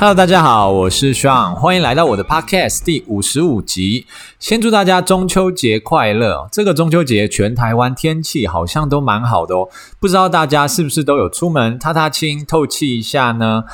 Hello，大家好，我是 Sean，歡迎來到我的 Podcast 第五十五集。先祝大家中秋節快樂！這個中秋節，全台灣天氣好像都蠻好的哦，不知道大家是不是都有出門踏踏青、透氣一下呢？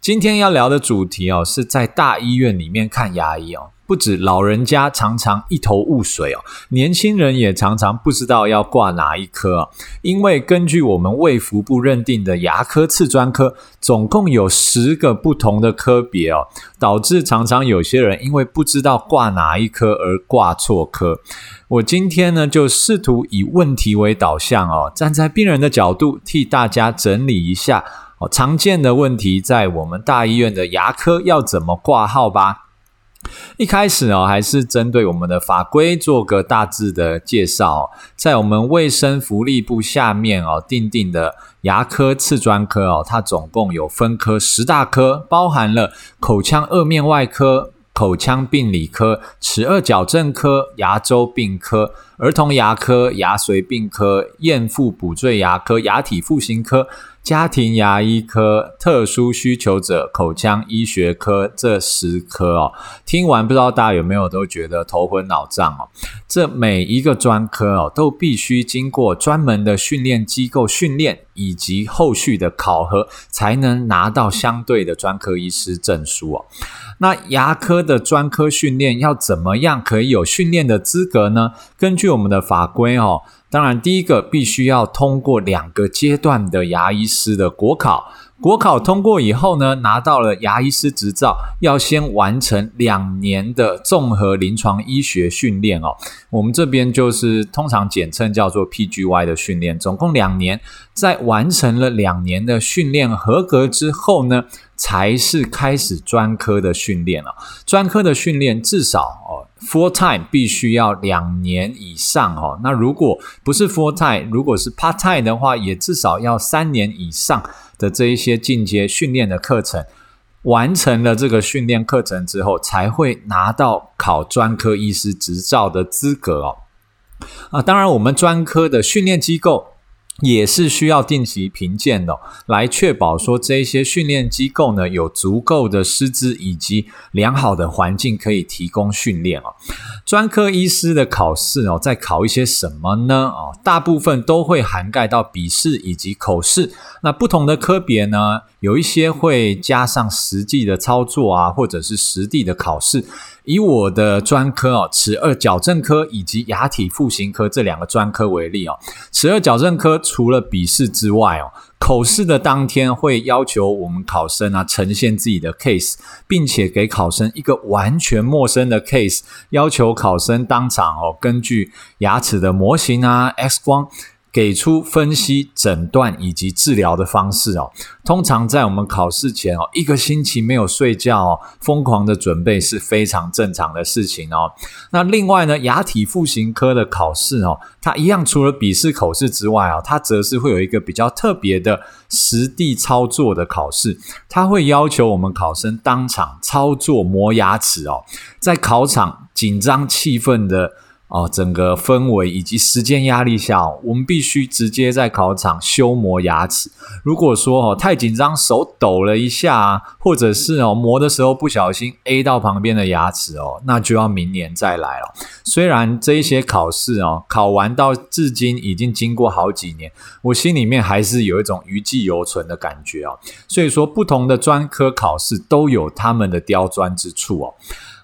今天要聊的主題哦，是在大醫院裡面看牙醫哦。不止老人家常常一頭霧水哦，年輕人也常常不知道要掛哪一科哦，因為根據我們衛服部認定的牙科次專科，總共有十個不同的科別哦，導致常常有些人因為不知道掛哪一科而掛錯科。我今天呢，就試圖以問題為導向哦，站在病人的角度替大家整理一下哦，常見的問題在我們大醫院的牙科要怎麼掛號吧。一開始哦，還是針對我們的法規做個大致的介紹哦。在我們衛生福利部下面哦，訂定的牙科次專科哦，它總共有分科十大科，包含了口腔頜面外科、口腔病理科、齒顎矯正科、牙周病科。兒童牙科、牙髓病科、贋復補綴牙科、牙體復形科、家庭牙醫科、特殊需求者口腔醫學科這十科哦，聽完不知道大家有沒有都覺得頭昏腦脹哦？這每一個專科哦，都必須經過專門的訓練機構訓練以及後續的考核，才能拿到相對的專科醫師證書哦。那牙科的專科訓練要怎麼樣可以有訓練的資格呢？根據據我們的法規哦，當然第一個必須要通過兩個階段的牙醫師的國考，國考通過以後呢，拿到了牙醫師執照，要先完成兩年的綜合臨床醫學訓練哦。我們這邊就是通常簡稱叫做 PGY 的訓練，總共兩年。在完成了兩年的訓練合格之後呢。才是開始專科的訓練了哦。專科的訓練至少哦，full time 必須要兩年以上哦。那如果不是 full time，如果是 part time 的話，也至少要三年以上的這一些進階訓練的課程。完成了這個訓練課程之後，才會拿到考專科醫師執照的資格哦。啊，當然，我們專科的訓練機構。也是需要定期評鑑的，哦，來確保說這一些訓練機構呢，有足夠的師資以及良好的環境可以提供訓練哦。專科醫師的考試哦，在考一些什麼呢？哦，大部分都會涵蓋到筆試以及口試。那不同的科別呢，有一些會加上實際的操作啊，或者是實地的考試。以我的專科哦，齒顎矯正科以及牙體復形科這兩個專科為例哦，齒顎矯正科，除了筆試之外哦，口試的當天會要求我們考生啊呈現自己的 case，並且給考生一個完全陌生的 case，要求考生當場哦根據牙齒的模型啊，X 光，給出分析、診斷以及治療的方式哦。通常在我們考試前哦，一個星期沒有睡覺哦，瘋狂的準備是非常正常的事情哦。那另外呢，牙體復形科的考試哦，它一樣除了筆試、口試之外啊、哦，它則是會有一個比較特別的實地操作的考試。它會要求我們考生當場操作磨牙齒哦，在考場緊張氣氛的。哦，整個氛圍以及時間壓力下，我們必須直接在考場修磨牙齒。如果說哦太緊張，手抖了一下啊，或者是哦磨的時候不小心 A 到旁邊的牙齒哦，那就要明年再來了。雖然這一些考試哦考完到至今已經經過好幾年，我心裡面還是有一種餘悸猶存的感覺哦。所以說，不同的專科考試都有他們的刁鑽之處哦。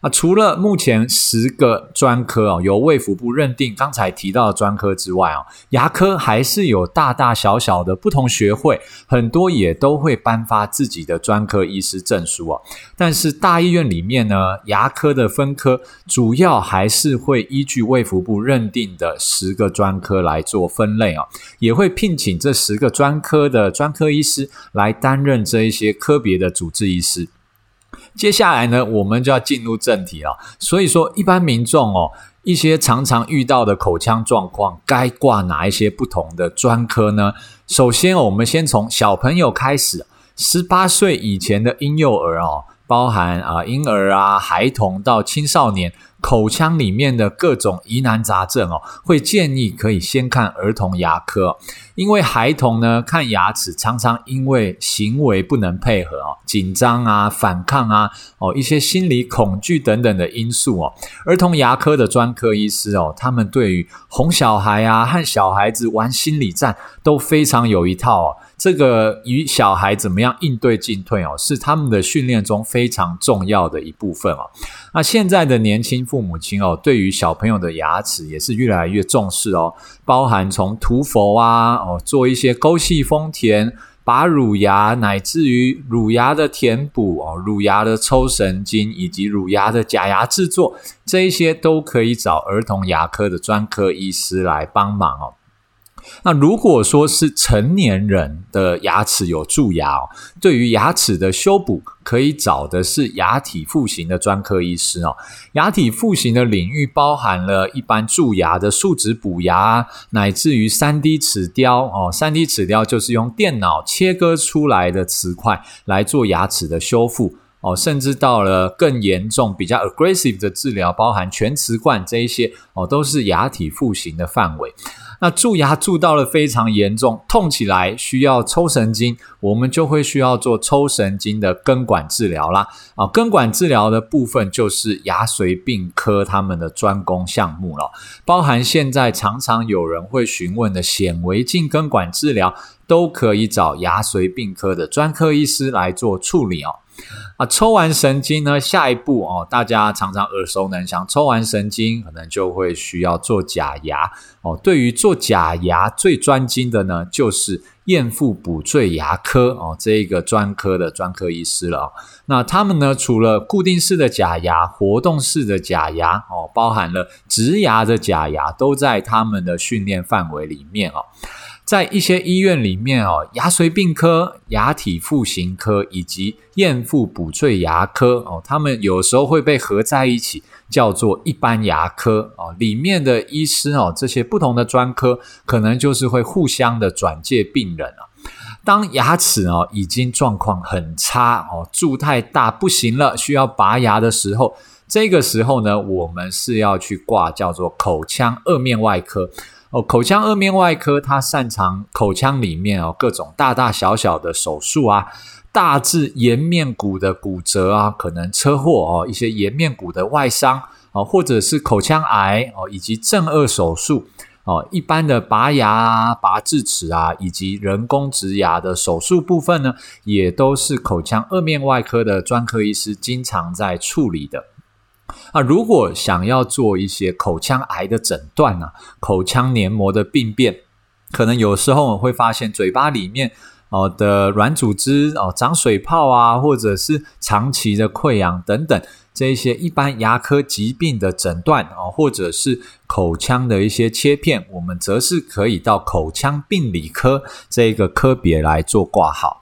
啊，除了目前十個專科哦、啊，由衛福部認定，剛才提到的專科之外啊，牙科還是有大大小小的不同學會，很多也都會頒發自己的專科醫師證書啊，但是大醫院裡面呢，牙科的分科主要還是會依據衛福部認定的十個專科來做分類啊，也會聘請這十個專科的專科醫師來擔任這一些科別的主治醫師。接下來呢，我們就要進入正題了。所以說，一般民眾哦，一些常常遇到的口腔狀況，該掛哪一些不同的專科呢？首先，我們先從小朋友開始，十八歲以前的嬰幼兒哦，包含啊嬰兒啊、孩童到青少年。口腔裡面的各種疑難雜症哦，會建議可以先看兒童牙科，因為孩童呢，看牙齒常常因為行為不能配合哦，緊張啊、反抗啊、哦一些心理恐懼等等的因素哦，兒童牙科的專科醫師哦，他們對於哄小孩啊、和小孩子玩心理戰都非常有一套哦。這個與小孩怎麼樣應對進退哦，是他們的訓練中非常重要的一部分哦。那現在的年輕父母親哦，對於小朋友的牙齒也是越來越重視哦，包含從塗氟啊，哦做一些溝隙封填，拔乳牙乃至於乳牙的填補哦，乳牙的抽神經以及乳牙的假牙制作，這一些都可以找兒童牙科的專科醫師來幫忙哦。那如果說是成年人的牙齒有蛀牙哦，對於牙齒的修補，可以找的是牙體復形的專科醫師哦。牙體復形的領域包含了一般蛀牙的樹脂補牙，乃至於三 D 齒雕哦。三 D 齒雕就是用電腦切割出來的瓷塊來做牙齒的修復。哦，甚至到了更嚴重、比較 aggressive 的治療，包含全瓷冠這一些哦，都是牙體復形的範圍。那蛀牙蛀到了非常嚴重，痛起來需要抽神經，我們就會需要做抽神經的根管治療啦。啊、哦，根管治療的部分就是牙髓病科他們的專攻項目了，包含現在常常有人會詢問的顯微鏡根管治療，都可以找牙髓病科的專科醫師來做處理哦。啊，抽完神經呢，下一步哦，大家常常耳熟能詳，抽完神經可能就會需要做假牙哦。對於做假牙最專精的呢，就是贋復補綴牙科哦，這一個專科的專科醫師了哦。那他們呢，除了固定式的假牙、活動式的假牙哦，包含了植牙的假牙，都在他們的訓練範圍裡面哦。在一些醫院裡面哦，牙髓病科、牙體復形科以及贋復補綴牙科哦，他們有時候會被合在一起，叫做一般牙科哦。裡面的醫師哦，這些不同的專科可能就是會互相的轉介病人。當牙齒哦已經狀況很差哦，蛀太大不行了，需要拔牙的時候，這個時候呢，我們是要去掛叫做口腔顎面外科。哦，口腔頜面外科它擅長口腔裡面哦各種大大小小的手術啊，大致顏面骨的骨折啊，可能車禍哦一些顏面骨的外傷哦，或者是口腔癌哦，以及正頜手術哦，一般的拔牙啊，拔智齒啊，以及人工植牙的手術部分呢，也都是口腔頜面外科的專科醫師經常在處理的。那、啊、如果想要做一些口腔癌的診斷啊，口腔黏膜的病變，可能有時候我們會發現嘴巴裡面哦的軟組織哦長水泡啊，或者是長期的潰瘍等等，這一些一般牙科疾病的診斷啊，或者是口腔的一些切片，我們則是可以到口腔病理科這個科別來做掛號。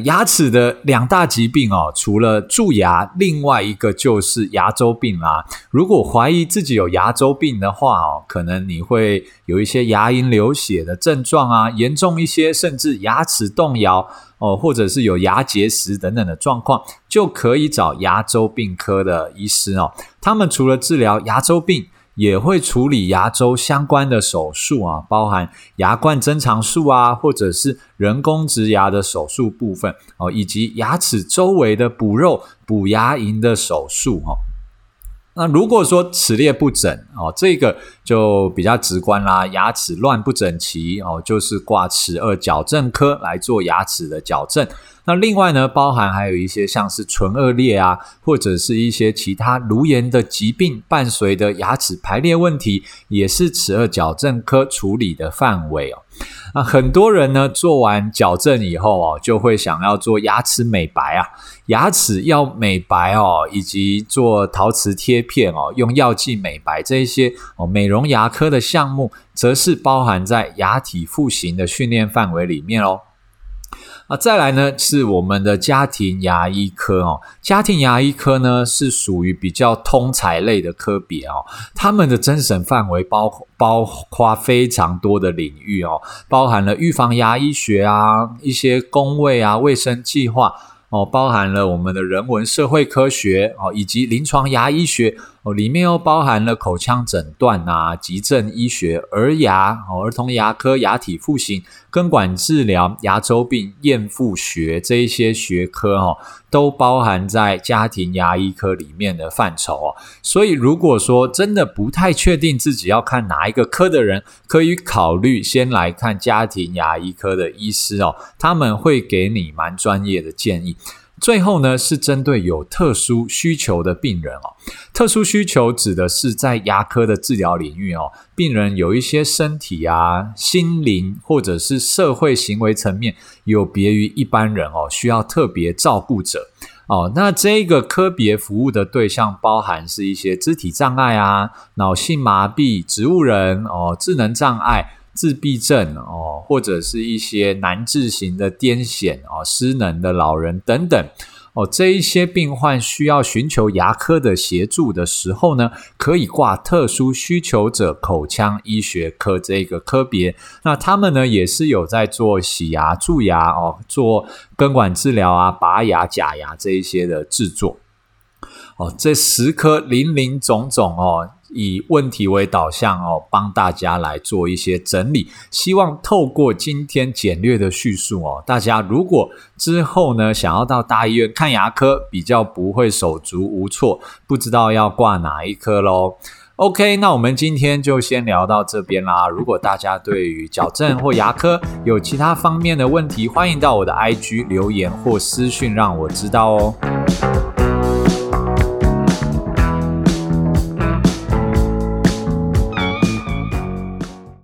牙齒的兩大疾病哦，除了蛀牙，另外一個就是牙周病啦、啊。如果懷疑自己有牙周病的話哦，可能你會有一些牙齦流血的症狀啊，嚴重一些甚至牙齒動搖哦，或者是有牙結石等等的狀況，就可以找牙周病科的醫師哦。他們除了治療牙周病，也會處理牙周相關的手術啊，包含牙冠增長術啊，或者是人工植牙的手術部分哦，以及牙齒周圍的補肉、補牙齦的手術哦。那如果說齒列不整哦，這個。就比較直觀啦，牙齒亂不整齊哦，就是掛齒顎矯正科來做牙齒的矯正。那另外呢，包含還有一些像是唇齶裂啊，或者是一些其他顱顏的疾病伴隨的牙齒排列問題，也是齒顎矯正科處理的範圍哦。那很多人呢，做完矯正以後哦，就會想要做牙齒美白啊，牙齒要美白哦，以及做陶瓷貼片哦，用藥劑美白這一些哦，美容容牙科的項目則是包含在牙體復形的訓練範圍裡面哦，啊，再來呢是我們的家庭牙醫科哦，家庭牙醫科呢是屬於比較通才類的科別哦，他們的甄審範圍包包括非常多的領域哦，包含了預防牙醫學啊，一些公衛啊衛生計劃哦，包含了我們的人文社會科學哦，以及臨床牙醫學。哦，裡面又包含了口腔診斷啊、急症醫學、兒牙、哦兒童牙科、牙體復形、根管治療、牙周病、贋復學這一些學科哈，哦，都包含在家庭牙醫科裡面的範疇哦。所以，如果說真的不太確定自己要看哪一個科的人，可以考慮先來看家庭牙醫科的醫師哦，他們會給你蠻專業的建議。最後呢，是針對有特殊需求的病人哦。特殊需求指的是在牙科的治療領域哦，病人有一些身體啊、心靈或者是社會行為層面有別於一般人哦，需要特別照顧者哦。那這個科別服務的對象，包含是一些肢體障礙啊、腦性麻痹、植物人哦、智能障礙。自閉症哦，或者是一些難治型的癲癇、哦、失能的老人等等哦，這一些病患需要尋求牙科的協助的時候呢，可以掛特殊需求者口腔醫學科這個科別。那他們呢，也是有在做洗牙、蛀牙哦，做根管治療啊、拔牙、假牙這一些的制作。哦，這十科林林總總哦。以問題為導向哦，幫大家來做一些整理。希望透過今天簡略的敘述哦，大家如果之後呢想要到大醫院看牙科，比較不會手足無措，不知道要掛哪一科咯。OK，那我們今天就先聊到這邊啦。如果大家對於矯正或牙科有其他方面的問題，歡迎到我的 IG 留言或私訊讓我知道哦。